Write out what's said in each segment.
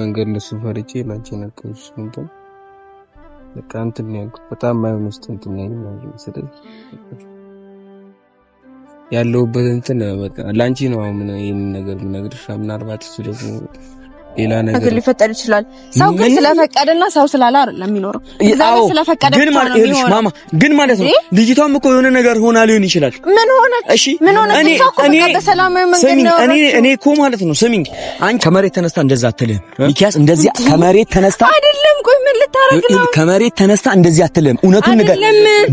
መንገድ ልብስ ፈርቼ ላንቺ ነገርኩሽ። እንትን በቃ እንትን ነው ያልኩት። በጣም ማይሆን ውስጥ እንትን ነው ስለዚህ ያለሁበት እንትን በቃ ላንቺ ነው አሁን ይህን ነገር የምነግርሽ። ምናልባት እሱ ደግሞ ሌላ ነገር ሊፈጠር ይችላል። ሰው ግን ስለፈቀደና ሰው ስላለ አይደለም የሚኖረው። እግዚአብሔር ስለፈቀደ ግን ማለት ይኸውልሽ፣ ማማ ግን ማለት ነው ልጅቷም እኮ የሆነ ነገር ሆና ሊሆን ይችላል። ምን ሆነ? እሺ፣ ምን ሆነ? እኔ እኔ እኔ እኔ እኮ ማለት ነው ስሚኝ፣ አንቺ ከመሬት ተነስታ እንደዛ አትልህም። ሚኪያስ እንደዚህ ከመሬት ተነስታ አይደለም። ቆይ ምን ልታረግ ነው? ከመሬት ተነስታ እንደዚህ አትልህም። እውነቱን ንገር፣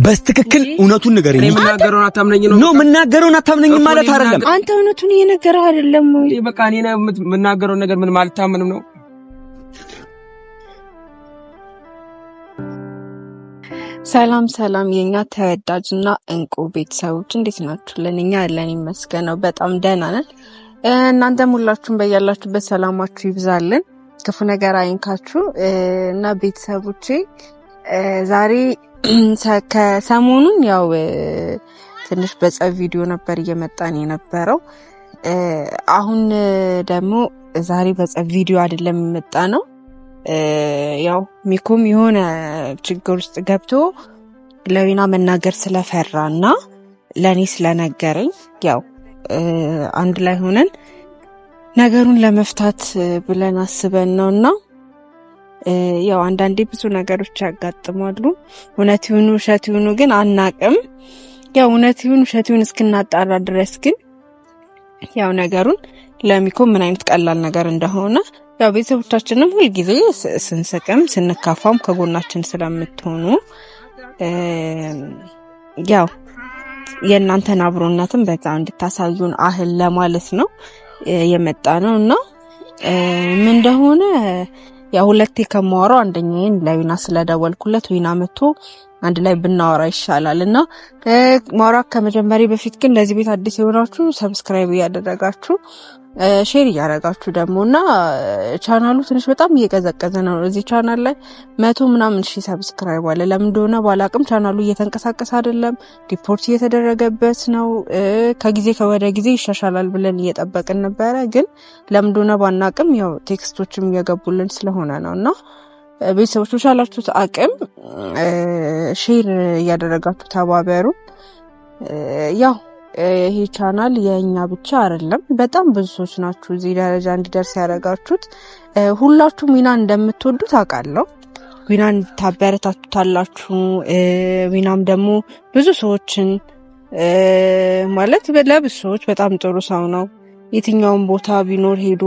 በስትክክል እውነቱን ንገር። እኔ የምናገረውን አታምነኝ ነው? ኖ የምናገረውን አታምነኝ ማለት አይደለም። አንተ እውነቱን እየነገረህ አይደለም ወይ? በቃ እኔ የምናገረውን ነገር ምን ማለት ምንም ነው። ሰላም ሰላም የኛ ተወዳጅና እንቁ ቤተሰቦች እንዴት ናችሁ? እኛ ያለን ይመስገነው በጣም ደህና ነን። እናንተም ሁላችሁም በያላችሁበት ሰላማችሁ ይብዛልን፣ ክፉ ነገር አይንካችሁ እና ቤተሰቦቼ ዛሬ ከሰሞኑን ያው ትንሽ በጸብ ቪዲዮ ነበር እየመጣን የነበረው። አሁን ደግሞ ዛሬ በጸብ ቪዲዮ አይደለም የመጣ ነው። ያው ሚኮም የሆነ ችግር ውስጥ ገብቶ ለዊና መናገር ስለፈራ እና ለእኔ ስለነገረኝ ያው አንድ ላይ ሆነን ነገሩን ለመፍታት ብለን አስበን ነው እና ያው አንዳንዴ ብዙ ነገሮች ያጋጥማሉ። እውነት ይሁኑ ውሸት ይሁኑ ግን አናቅም። ያው እውነት ይሁን ውሸት ይሁን እስክናጣራ ድረስ ግን ያው ነገሩን ለሚኮ ምን አይነት ቀላል ነገር እንደሆነ ያው ቤተሰቦቻችንም ሁልጊዜ ስንስቅም ስንካፋም ከጎናችን ስለምትሆኑ ያው የእናንተን አብሮነትም በዛ እንድታሳዩን አህል ለማለት ነው የመጣ ነው እና ምን እንደሆነ ያው ሁለቴ ከማወራው አንደኛዬን ለዊና ስለደወልኩለት ዊና መጥቶ አንድ ላይ ብናወራ ይሻላል እና ማውራት ከመጀመሪ በፊት ግን ለዚህ ቤት አዲስ የሆናችሁ ሰብስክራይብ እያደረጋችሁ ሼር እያደረጋችሁ ደግሞ እና ቻናሉ ትንሽ በጣም እየቀዘቀዘ ነው። እዚህ ቻናል ላይ መቶ ምናምን ሺ ሰብስክራይብ አለ። ለምን እንደሆነ ባላቅም ቻናሉ እየተንቀሳቀሰ አይደለም። ሪፖርት እየተደረገበት ነው። ከጊዜ ከወደ ጊዜ ይሻሻላል ብለን እየጠበቅን ነበረ። ግን ለምን እንደሆነ ባናቅም ያው ቴክስቶችም እየገቡልን ስለሆነ ነው እና ቤተሰቦች በቻላችሁት አቅም ሼር እያደረጋችሁ ተባበሩ። ያው ይሄ ቻናል የእኛ ብቻ አይደለም። በጣም ብዙ ሰዎች ናችሁ እዚህ ደረጃ እንዲደርስ ያደረጋችሁት። ሁላችሁ ሚና እንደምትወዱት አውቃለሁ። ዊናን ታበረታቱታላችሁ። ዊናም ደግሞ ብዙ ሰዎችን ማለት ለብዙ ሰዎች በጣም ጥሩ ሰው ነው። የትኛውን ቦታ ቢኖር ሄዶ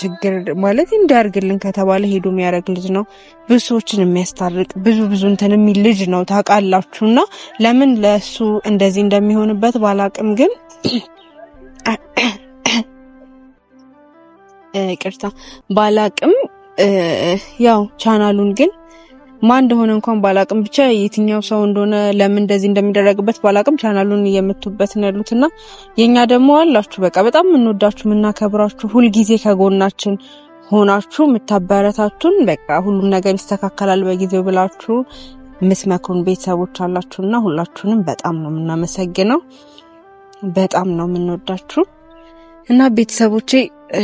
ችግር ማለት እንዲያርግልን ከተባለ ሄዶ የሚያደርግ ልጅ ነው። ብዙ ሰዎችን የሚያስታርቅ ብዙ ብዙ እንትን የሚል ልጅ ነው እና ለምን ለእሱ እንደዚህ እንደሚሆንበት ባላቅም፣ ግን ቅርታ ባላቅም፣ ያው ቻናሉን ግን ማን እንደሆነ እንኳን ባላቅም ብቻ የትኛው ሰው እንደሆነ ለምን እንደዚህ እንደሚደረግበት ባላቅም ቻናሉን እየምትበትን ያሉት እና የእኛ ደግሞ አላችሁ በቃ በጣም የምንወዳችሁ የምናከብራችሁ ሁልጊዜ ከጎናችን ሆናችሁ የምታበረታቱን በቃ ሁሉም ነገር ይስተካከላል በጊዜው ብላችሁ የምትመክሩን ቤተሰቦች አላችሁና ሁላችሁንም በጣም ነው የምናመሰግነው። በጣም ነው የምንወዳችሁ እና ቤተሰቦቼ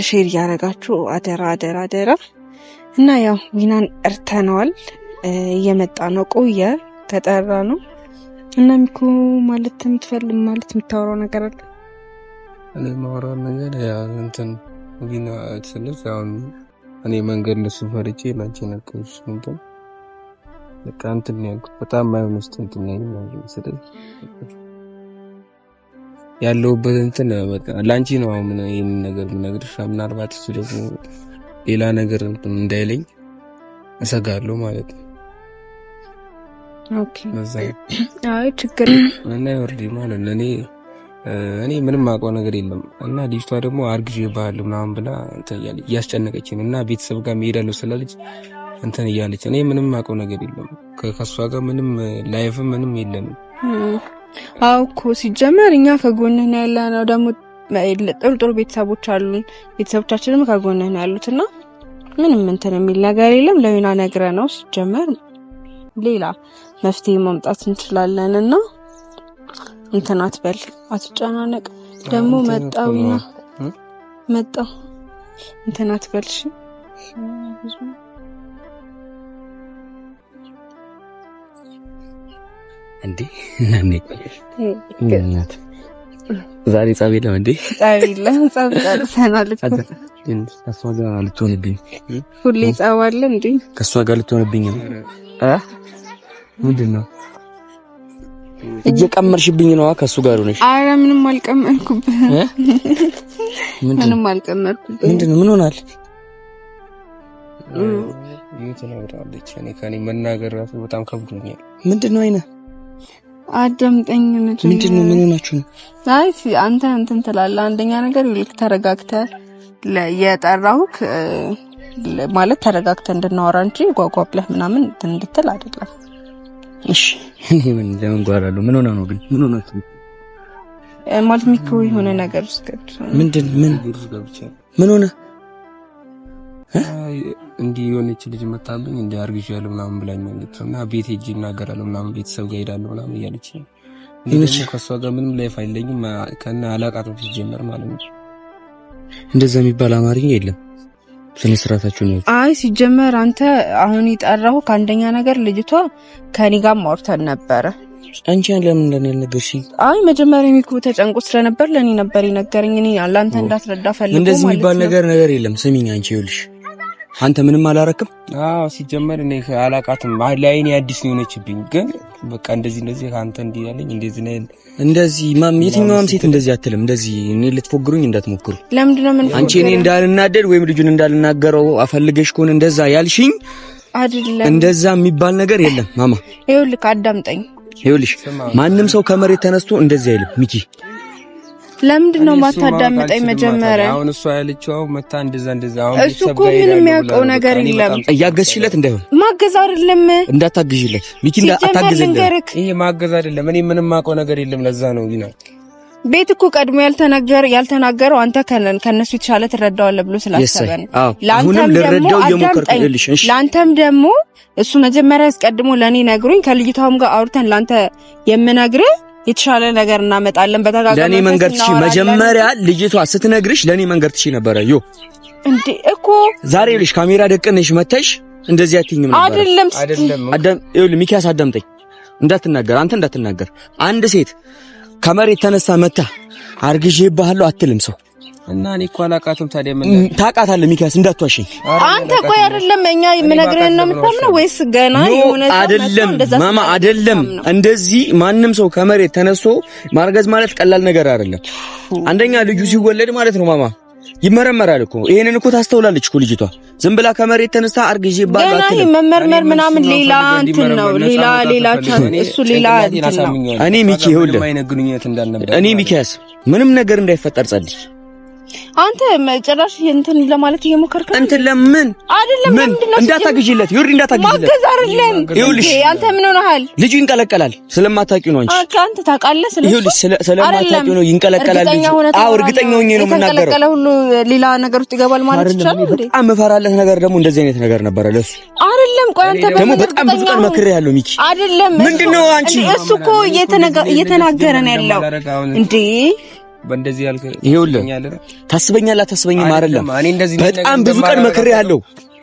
ሼር እያደረጋችሁ አደራ አደራ አደራ እና ያው ዊናን እርተነዋል። እየመጣ ነው። ቆየ ተጠራ ነው እና ሚኮ ማለት የምትፈልግ ማለት የምታወራው ነገር አለ። እኔ የማወራው ነገር እንትን ሊና ስልስ አሁን እኔ መንገድ ለሱ ፈርቼ ናቸ ነቀሱ እንትን በቃ እንትን ያልኩት በጣም ባይሆን ውስጥ እንትን ስልስ ያለውበት እንትን ላንቺ ነው። አሁን ይህን ነገር ምነግርሽ ምናልባት እሱ ደግሞ ሌላ ነገር እንዳይለኝ እሰጋለሁ ማለት ነው። እኔ እኔ ምንም አውቀው ነገር የለም እና ልጅቷ ደግሞ አርግዤ ባህል ምናምን ብላ እያስጨነቀችን እና ቤተሰብ ጋር መሄዳለሁ ስላለች እንትን እያለች እኔ ምንም አውቀው ነገር የለም። ከሷ ጋር ምንም ላይፍም ምንም የለንም። አው እኮ ሲጀመር እኛ ከጎንህ ነው ያለ ነው። ደግሞ ጥሩ ጥሩ ቤተሰቦች አሉን። ቤተሰቦቻችንም ከጎንህ ነው ያሉት እና ምንም እንትን የሚል ነገር የለም። ለዊና ነግረ ነው ሲጀመር ሌላ መፍትሄ ማምጣት እንችላለን እና እንትን አትበል፣ አትጨናነቅ። ደግሞ መጣዊና መጣው እንትን አትበል እሺ። እንዴ እናኔ ዛሬ ጸብ የለም እንዴ? ጸብ የለም። ጸብ ጨርሰናል ግን ከእሷ ጋር ልትሆንብኝ ሁሌ ጻዋለ እንዴ? ከእሷ ጋር ልትሆንብኝ ነው። ምንድን ነው እየቀመርሽብኝ ነው? ከእሱ ጋር ሆነሽ? አረ ምንም አልቀመርኩብህ። ምንም አልቀመርኩብህ። ምንድን ነው? ምን ሆናል? ከኔ መናገር ራሱ በጣም ከብዶኛል። ምንድን ነው አይነ አዳምጠኝ ምንድን ነው? ምን ሆናችሁ ነው? አይ አንተ እንትን ትላለህ። አንደኛ ነገር ይልክ ተረጋግተህ የጠራሁክ ማለት ተረጋግተ እንድናወራ እንጂ ጓጓ ብለህ ምናምን እንድትል አይደለም። እሺ ምን ለምን ጓላለሁ? ምን ሆነ ነው ግን ምን ሆነ ነው ማለት ሚክሮ የሆነ ነገር ውስጥ ምንድን ምን ምን ሆነ እንዲህ የሆነች ልጅ መጣብኝ እንዲህ አርግዣለሁ ምናምን ብላኝ ማለት እና ቤት ሄጄ እናገራለሁ ምናምን ቤተሰብ ጋር ሄዳለሁ ምናምን እያለች ከእሷ ጋር ምንም ላይፍ አይለኝም ከእነ አላቃትም ሲጀመር ማለት ነው እንደዛ የሚባል አማርኛ የለም። ስነ ስርዓታችሁ ነው። አይ ሲጀመር አንተ አሁን የጠራሁ ከአንደኛ ነገር ልጅቷ ከኔ ጋር ማውርተን ነበረ። አንቺ ለምን ለኔ አልነገርሽኝ? አይ መጀመሪያ ሚኩ ተጨንቆ ስለነበር ለኔ ነበር የነገረኝ። እኔ ለአንተ እንዳትረዳ ፈልጎ ማለት ነው። እንደዚህ የሚባል ነገር ነገር የለም። ስሚኝ አንቺ ይኸውልሽ አንተ ምንም አላረክም። አዎ ሲጀመር እኔ አላቃትም። ለአይኔ አዲስ ነው የሆነችብኝ። ግን በቃ እንደዚህ እንደዚህ አንተ እንዲህ ያለኝ እንደዚህ ነው እንደዚህ ማም የትኛውም ሴት እንደዚህ አትልም። እንደዚህ እኔ ልትፎግሩኝ እንዳትሞክሩ። ለምንድን ነው ምን አንቺ እኔ እንዳልናደድ ወይም ልጁን እንዳልናገረው አፈልገሽ ከሆነ እንደዛ ያልሽኝ አይደለም። እንደዛ የሚባል ነገር የለም ማማ። ይኸውልህ አዳምጠኝ። ይኸውልሽ ማንም ሰው ከመሬት ተነስቶ እንደዚህ አይልም ሚኪ ለምንድን ነው ማታዳምጠኝ? መጀመሪያ አሁን እሱ ያለችው መታ እንደዛ እንደዛ። አሁን እሱ እኮ ምንም የሚያውቀው ነገር የለም። እያገዝሽለት እንዳይሆን ማገዝ አይደለም፣ እንዳታግዥለት ሚኪ፣ እንዳታግዝለት። ይሄ ማገዝ አይደለም። እኔ ምንም የማውቀው ነገር የለም። ለዛ ነው ቢና ቤት እኮ ቀድሞ ያልተነገር ያልተናገረው አንተ ከነን ከነሱ የተሻለ ትረዳዋለህ ብሎ ስላሰበ ነው። ለአንተም ደግሞ እሱ መጀመሪያ አስቀድሞ ለእኔ ነግሩኝ ከልጅቷም ጋር አውርተን ለአንተ የምነግርህ የተሻለ ነገር እናመጣለን። በተጋጋሚ ለኔ መንገድ ትቺ መጀመሪያ ልጅቷ ስትነግርሽ ለኔ መንገድ ትቺ ነበረ። ዮ እንዴ እኮ ዛሬ ልሽ ካሜራ ደቀነሽ መተሽ እንደዚህ አትይኝም ነበር። አይደለም አይደለም፣ አዳም ይኸውልህ፣ ሚኪያስ አዳምጠኝ፣ እንዳትናገር አንተ እንዳትናገር። አንድ ሴት ከመሬት ተነሳ መታ አርግዤ ይባሃለሁ አትልም ሰው እና እኔ እኮ አላውቃትም። ታዲያ ምን ታውቃታለህ? ሚኪያስ እንዳትዋሽ። አንተ እኮ አይደለም እኛ የምነግርህን ነው የምታምነው ወይስ ገና የሆነ አይደለም? ማማ አይደለም። እንደዚህ ማንም ሰው ከመሬት ተነስቶ ማርገዝ ማለት ቀላል ነገር አይደለም። አንደኛ ልጁ ሲወለድ ማለት ነው ማማ ይመረመራል እኮ ይሄንን እኮ ታስተውላለች እኮ ልጅቷ። ዝም ብላ ከመሬት ተነስታ አርግዤ ባል አትልም። መመርመር ምናምን ሌላ እንትን ነው፣ ሌላ ሌላ እሱ ሌላ እንትን ነው። እኔ ሚኪ ይኸውልህ፣ እኔ ሚኪያስ ምንም ነገር እንዳይፈጠር ጸልይ አንተ ጭራሽ እንትን ለማለት እየሞከርክ ነው። እንትን ለምን አይደለም፣ ምን እንዳታግዢለት፣ ይኸውልሽ፣ እንዳታግዢለት ማገዝ አይደለም። ይኸውልሽ፣ አንተ ምን ሆነሃል? ልጁ ይንቀለቀላል፣ ስለማታውቂው ነው እንጂ አንተ ታውቃለህ። ይኸውልሽ፣ ስለማታውቂው ነው ይንቀለቀላል ልጁ። አዎ፣ እርግጠኛ ሆኜ ነው የምናገረው። ሁሉ ሌላ ነገር ውስጥ ይገባል ማለት ይችላል እንዴ በጣም መፈራለት ነገር ደግሞ እንደዚህ አይነት ነገር ነበረ ለሱ አይደለም። ቆይ አንተ ደግሞ በጣም ብዙ ቀን ያለው ሚኪ። አይደለም ምንድነው አንቺ እሱ እኮ እየተናገረ ነው ያለው እንዴ በእንደዚህ ያልከ ይሄውልህ ታስበኛላ ታስበኝም አይደለም። በጣም ብዙ ቀን መክሬ ያለው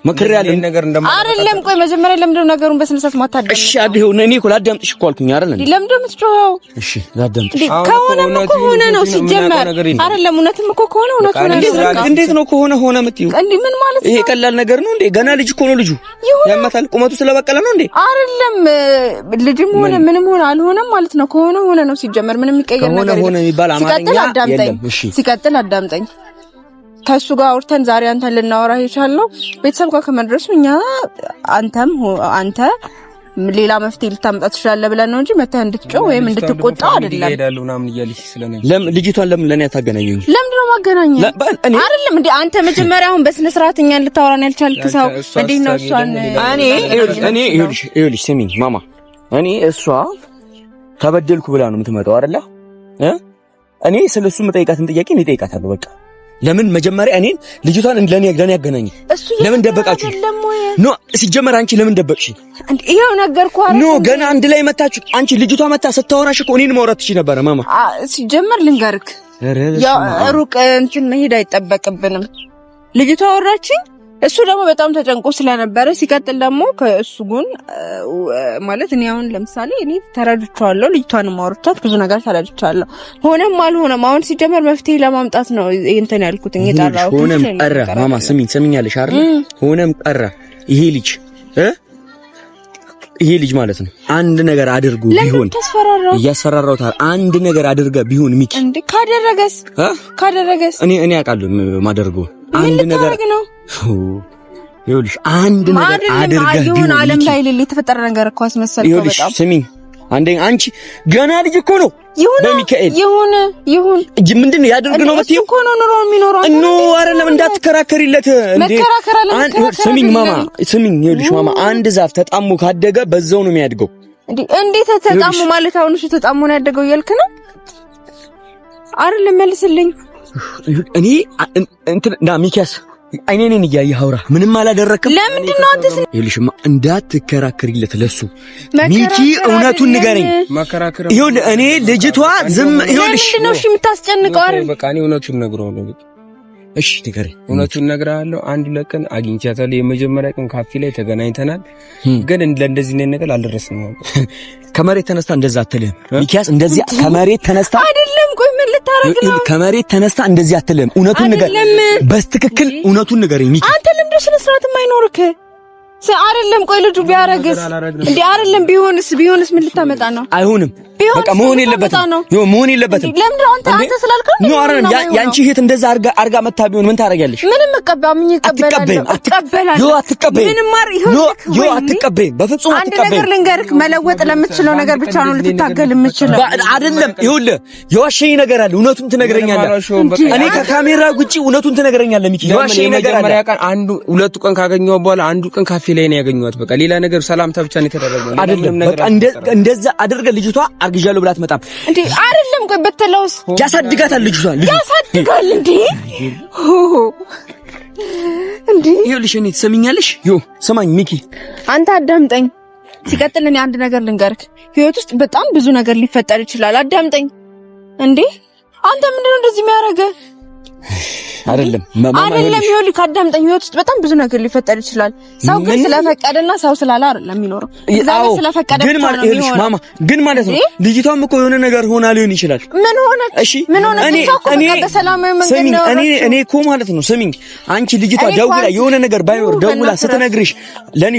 ምክር ያለ ነገር አይደለም። ቆይ መጀመሪያ ለምንድን ነው ነገሩን በስነ ስርዓት ማታደም? እሺ አዲሁ ነኝ እኮ ላዳምጥሽ እኮ አልኩኝ አይደል? ለምንድን ነው የምትጮኸው? እሺ ላዳምጥሽ ከሆነም እኮ ሆነ ነው ሲጀመር አይደለም። እውነትም እኮ ከሆነ እውነት ሆነ ነው። እንዴት ነው ከሆነ ሆነ የምትይው? እንዴ ምን ማለት ነው? ይሄ ቀላል ነገር ነው እንዴ? ገና ልጅ እኮ ነው ልጁ። ያመታል ቁመቱ ስለበቀለ ነው እንዴ? አይደለም። ልጅም ሆነ ምንም ሆነ አልሆነም ማለት ነው። ከሆነ ሆነ ነው ሲጀመር፣ ምንም የሚቀየር ነገር የለም። ሲቀጥል አዳምጠኝ፣ ሲቀጥል አዳምጠኝ ከሱ ጋር አውርተን ዛሬ አንተን ልናወራ የቻልነው ቤተሰብ ጋር ከመድረሱ እኛ አንተም አንተ ሌላ መፍትሄ ልታመጣ ትችላለህ ብለን ነው እንጂ መተህ እንድትጮህ ወይም እንድትቆጣ አይደለም። ልጅቷን ለምን ለእኔ አታገናኘኝ? ለምንድን ነው ማገናኘኝ? አይደለም እንዴ አንተ መጀመሪያ አሁን በስነ ስርዓት እኛን ልታወራን ያልቻልክ ሰው እንዴት ነው እሷን? እኔ እኔ ይኸውልሽ ስሚኝ ማማ፣ እኔ እሷ ተበደልኩ ብላ ነው የምትመጣው አይደለ? እኔ ስለሱ የምጠይቃትን ጥያቄ እኔ እጠይቃታለሁ በቃ ለምን መጀመሪያ እኔን ልጅቷን ለኔ ለኔ ያገናኝ? ለምን ደበቃችሁ? ኖ ሲጀመር አንቺ ለምን ደበቅሽ? ይሄው ነገርኩ አይደል? ኖ ገና አንድ ላይ መታችሁ። አንቺ ልጅቷ መታ ስታወራሽ እኮ እኔን ማውራት ትችይ ነበረ። ማማ ሲጀመር ልንገርክ፣ ሩቅ እንትን መሄድ አይጠበቅብንም። ልጅቷ አወራችኝ እሱ ደግሞ በጣም ተጨንቆ ስለነበረ ሲቀጥል ደግሞ ከእሱ ጎን ማለት እኔ አሁን ለምሳሌ እኔ ተረድቻለሁ፣ ልጅቷን ማውርቻት ብዙ ነገር ተረድቻለሁ። ሆነም አልሆነም አሁን ሲጀመር መፍትሄ ለማምጣት ነው እንትን ያልኩት የጠራሁት። ሆነም ቀረ ማማ ስሚኝ፣ ትሰሚኛለሽ አይደል? ሆነም ቀረ ይሄ ልጅ ይሄ ልጅ ማለት ነው አንድ ነገር አድርጎ ቢሆን እያስፈራራውታል። አንድ ነገር አድርገ ቢሆን ሚኪ እንዴ ካደረገስ ካደረገስ እኔ እኔ አውቃለሁ ማደርገው አንድ ነገር ነው ይኸውልሽ አንድ ነገር አድርገህ ቢሆን ዓለም ላይ ሌላ የተፈጠረ ነገር እኮ አስመሰልከው። ይኸውልሽ ስሚ፣ አንዴ አንቺ ገና ልጅ እኮ ነው። ይሁን በሚካኤል ይሁን ይሁን እጅ ምንድን ነው ያድርግ ነው በትይው እኮ ነው ኑሮ የሚኖረው አንተ ነው። አይደለም እንዳትከራከሪለት እንዴ ስሚኝ ማማ፣ ስሚኝ ይኸውልሽ ማማ፣ አንድ ዛፍ ተጣሙ ካደገ በዛው ነው የሚያድገው። እንዴት ተጣሙ ማለት አሁን እሱ ተጣሙ ነው ያደገው እያልክ ነው አይደል? መልስልኝ። እኔ እንትን ና ሚኪያስ አይኔኔን እያየህ አውራ። ምንም አላደረክም። ለምንድን ነው አንተስ? ይኸውልሽማ እንዳትከራከሪለት ለሱ ሚኪ፣ እውነቱን ንገረኝ። ይሁን እኔ ልጅቷ ዝም ይሁንሽ። ለምንድን ነው እሺ የምታስጨንቀው? አይደል በቃ እኔ እውነቱን ነግረው ነው። እሺ ንገረኝ፣ እውነቱን እነግርሃለሁ። አንድ ለቀን አግኝቻታለሁ። የመጀመሪያ ቀን ካፌ ላይ ተገናኝተናል፣ ግን ለእንደዚህ ነገር አልደረስንም። ከመሬት ተነስታ እንደዛ አትልህም ሚኪያስ፣ እንደዚህ ከመሬት ተነስታ አይደል ልታረግ ነው? ከመሬት ተነስታ እንደዚህ አትልም። እውነቱን ንገር፣ በስትክክል እውነቱን ንገር። ሚኪ። አንተ ልምዶች ለስርዓት የማይኖርክ አይደለም ቆይ ልጁ ቢያረግስ እንዴ? አይደለም ቢሆንስ ቢሆንስ ምን ልታመጣ ነው? አይሆንም። በቃ መሆን የለበትም። ይኸው መሆን የለበትም። ለምን አንተ አንተ ስላልከው ነው። አይደለም ያንቺ እህት እንደዛ አርጋ አርጋ መታ ቢሆን ምን ታደርጊያለሽ? ምንም መቀበያ ምን ይቀበላል? አትቀበላል። ይኸው አትቀበይ። ምንም ማር ይሁን ይኸው አትቀበይ። በፍጹም አትቀበይ። አንድ ነገር ልንገርክ፣ መለወጥ ለምትችለው ነገር ብቻ ነው ልትታገል የምችለው። አይደለም ይኸውልህ፣ የዋሸኝ ነገር አለ። እውነቱን ትነግረኛለህ። እኔ ከካሜራ ውጪ እውነቱን ትነግረኛለህ። ሚኪ የዋሸኝ ነገር አለ። አንዱ ሁለቱ ቀን ካገኘው በኋላ አንዱ ቀን ካፌ ሰልፊ ላይ ነው ያገኘኋት። በቃ ሌላ ነገር ሰላምታ ብቻ ነው የተደረገው። እንደዛ አድርገ ልጅቷ አርግዣለሁ ብላት መጣም እንዴ? አይደለም ቆይ በተለውስ ያሳድጋታል። ልጅቷ ያሳድጋል እንዴ? እንዴ ይኸውልሽ፣ እኔ ትሰሚኛለሽ? ዮ ስማኝ ሚኪ፣ አንተ አዳምጠኝ። ሲቀጥል እኔ አንድ ነገር ልንገርክ፣ ህይወት ውስጥ በጣም ብዙ ነገር ሊፈጠር ይችላል። አዳምጠኝ። እንዴ አንተ ምንድነው እንደዚህ የሚያደርገ። አይደለም አይደለም። ይኸውልህ ካዳምጠኝ፣ ህይወት ውስጥ በጣም ብዙ ነገር ሊፈጠር ይችላል። ሰው ግን ስለፈቀደና ሰው ስላለ አይደለም የሚኖረው እግዚአብሔር ስለፈቀደ ግን ማለት ይኸውልሽ፣ ማማ ግን ማለት ነው። ልጅቷም እኮ የሆነ ነገር ሆና ሊሆን ይችላል። ምን ሆነ? እሺ፣ ምን ሆነች? እኔ እኮ ማለት ነው ስሚኝ፣ አንቺ ልጅቷ ደውላ የሆነ ነገር ባይኖር ደውላ ስትነግርሽ ለኔ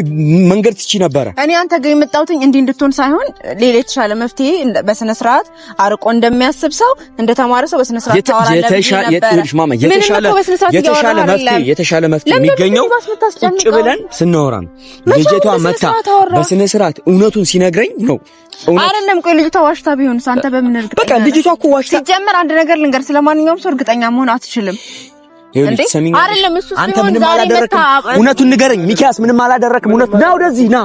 መንገድ ትቺ ነበረ። እኔ አንተ ጋር የመጣሁትኝ እንዲህ እንድትሆን ሳይሆን ሌላ የተሻለ መፍትሄ በስነ ስርዓት አርቆ እንደሚያስብ ሰው እንደተማረ ሰው በስነ ስርዓት ታወራለህ ነበር ይኸውልሽ ማማ የተሻለ የተሻለ መፍትሄ የተሻለ መፍትሄ የሚገኘው ቁጭ ብለን ስናወራ ነው። ልጅቷ መታ በስነ ስርዓት እውነቱን ሲነግረኝ ነው። አይደለም ቆይ ልጅቷ ዋሽታ ቢሆን አንተ በምን እርግጠኛ? በቃ ልጅቷ እኮ ዋሽታ ሲጀምር፣ አንድ ነገር ልንገር፣ ስለማንኛውም ሰው እርግጠኛ መሆን አትችልም። አይደለም እሱ አንተ ምንም አላደረክም። እውነቱን ንገረኝ ሚኪያስ፣ ምንም አላደረክም። እውነቱን ና ወደዚህ ና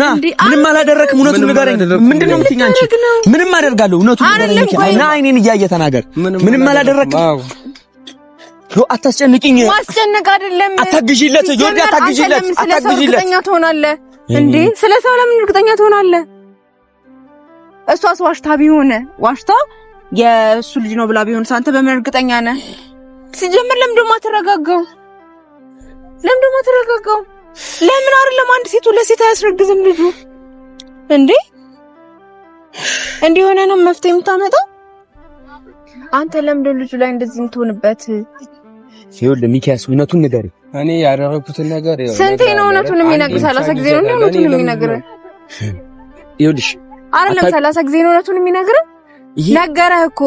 ና፣ ምንም አላደረክም። እውነቱን ንገረኝ። ምንድን ነው የምትይኝ አንቺ? ምንም አደርጋለሁ። እውነቱን ንገረኝ ሚኪያስ፣ ና አይኔን እያየ ተናገር። ምንም አላደረክም አታስጨንቅኝ። ማስጨነቅ አይደለም። አታግዢለት ጆርዲ፣ አታግዢለት፣ አታግዢለት። እርግጠኛ ትሆናለህ እንዴ? ስለ ሰው ለምን እርግጠኛ ትሆናለህ? እሷስ ዋሽታ ቢሆን ዋሽታ የእሱ ልጅ ነው ብላ ቢሆን አንተ በምን እርግጠኛ ነህ? ሲጀምር ለምን ደግሞ አትረጋጋው? ለምን ደግሞ አትረጋጋው? ለምን አይደለም አንድ ሴት ሁለት ሴት አያስረግዝም ልጁ እንዴ? እንዲህ ሆነ ነው መፍትሄ የምታመጣው? አንተ ለምንድን ልጁ ላይ እንደዚህ የምትሆንበት? ይኸውልህ ሚኪያስ እውነቱን ንገሪው። እኔ ያደረኩትን ነገር ስንቴ ነው እውነቱን የሚነግርህ? ሰላሳ ጊዜ ነው እውነቱን የሚነግርህ? ይኸውልሽ አይደለም ሰላሳ ጊዜ ነው እውነቱን የሚነግርህ። ነገረህ እኮ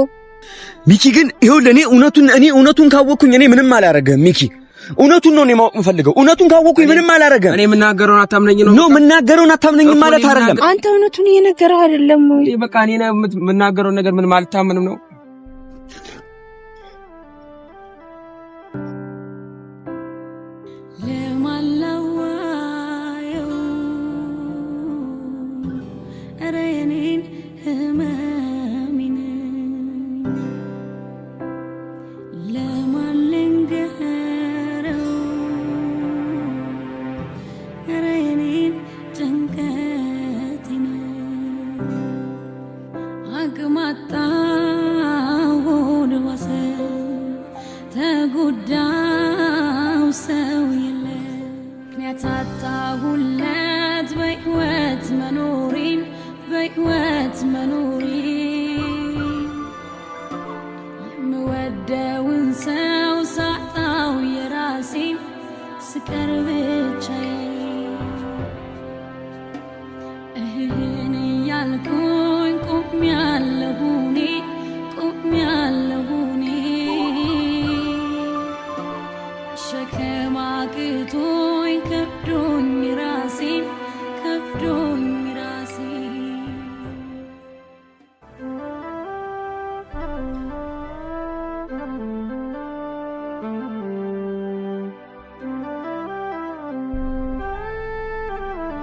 ሚኪ። ግን ይኸውልህ እኔ እውነቱን እኔ እውነቱን ካወቅኩኝ እኔ ምንም አላረገም ሚኪ እውነቱን ነው እኔ ማወቅ የምፈልገው። እውነቱን ካወቅኩኝ ምንም አላረገም። እኔ የምናገረውን አታምነኝ ነው ነው የምናገረውን አታምነኝ ማለት አይደለም። አንተ እውነቱን እየነገረህ አይደለም ወይ? በቃ እኔ የምናገረውን ነገር ምንም ማለት ነው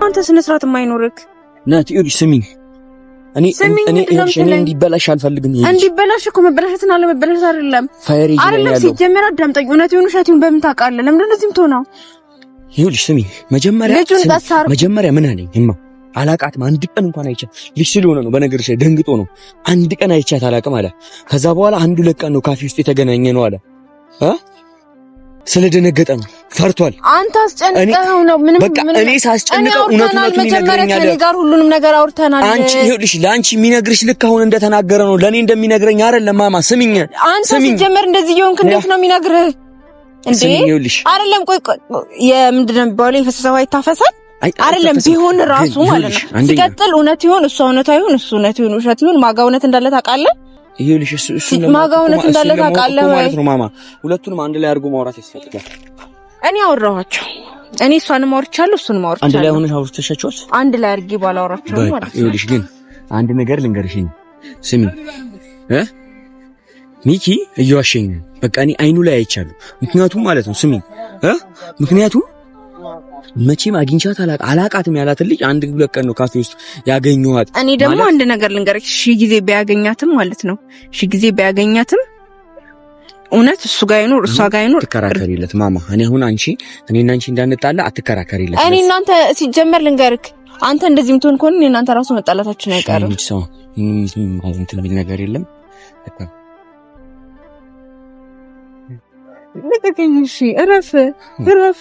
አንተ ስነ ስርዓት የማይኖርክ ናት። ይኸውልሽ ስሚኝ፣ እኔ እኔ እኔ እንዲበላሽ አልፈልግም። ይሄ እንዲበላሽ እኮ አለ አለመበላሸት አይደለም። ፋየር ይጅ አይደለም። ሲጀመር አዳምጠኝ። እውነት ይሁን ውሸት ይሁን በምን ታውቃለህ? ለምንድን ነው እዚህም ትሆነው? ይኸውልሽ ስሚኝ፣ መጀመሪያ መጀመሪያ ምን አለኝ እማ አላቃትም አንድ ቀን እንኳን አይቻት ልጅ ስለሆነ ነው። በነገር ላይ ደንግጦ ነው አንድ ቀን አይቻት አላቅም አለ። ከዛ በኋላ አንዱ ለቀን ነው ካፌ ውስጥ የተገናኘ ነው አለ። ስለደነገጠ ነው። ፈርቷል። አንተ አስጨንቀኸው ነው። ምንም በቃ እኔ ሳስጨንቀው እውነቱን ነው የሚነግረኛል። እኔ ጋር ሁሉንም ነገር አውርተናል። አንቺ ይኸውልሽ፣ ለአንቺ የሚነግርሽ ልክ አሁን እንደተናገረ ነው ለእኔ እንደሚነግረኝ አይደለም። ማማ ስሚኝ፣ አንተ ሲጀመር እንደዚህ እየሆንክ እንዴት ነው የሚነግርህ? እንዴ አይደለም። ቆይ የምንድን ነው የሚባለው? የፈሰሰ ውሃ ይታፈሳል አይደለም ቢሆን ራሱ ማለት ነው። ሲቀጥል እውነት ይሁን እሷ እውነት አይሁን እሱ እውነት ይሁን ውሸት ይሁን ማጋ እውነት እንዳለ ታውቃለህ ይሄ ልሽ እሱ እሱ ማጋውነት እንዳለ ታውቃለህ ማለት ነው። ማማ ሁለቱንም አንድ ላይ አድርጎ ማውራት ያስፈልጋል። እኔ አወራኋቸው። እኔ እሷንም አውርቻለሁ እሱንም አውርቻለሁ። አንድ ላይ ሆነሽ አውርተሻቸዋል። አንድ ላይ አድርጌ ባላወራቸው ማለት ነው። ይኸውልሽ ግን አንድ ነገር ልንገርሽኝ፣ ስሚ እ ሚኪ እየዋሸኝ ነው። በቃ እኔ አይኑ ላይ አይቻለሁ። ምክንያቱም ማለት ነው ስሚ እ ምክንያቱም መቼም አግኝቻት አላቃትም ያላትን ልጅ አንድ ሁለት ቀን ነው ካፌ ውስጥ ያገኘኋት። እኔ ደግሞ አንድ ነገር ልንገርሽ፣ ሺ ጊዜ ቢያገኛትም ማለት ነው ሺ ጊዜ ቢያገኛትም እውነት እሱ ጋር ይኖር እሷ ጋር ይኖር አትከራከሪለት። ማማ እኔ አሁን አንቺ እኔና አንቺ እንዳንጣላ አትከራከሪለት። እኔ እናንተ ሲጀመር ልንገርክ አንተ እንደዚህ የምትሆን ከሆነ እናንተ ራሱ መጣላታችን አይቀርም። ሰው ነገር የለም ልጠቀኝ። እሺ እረፍ እረፍ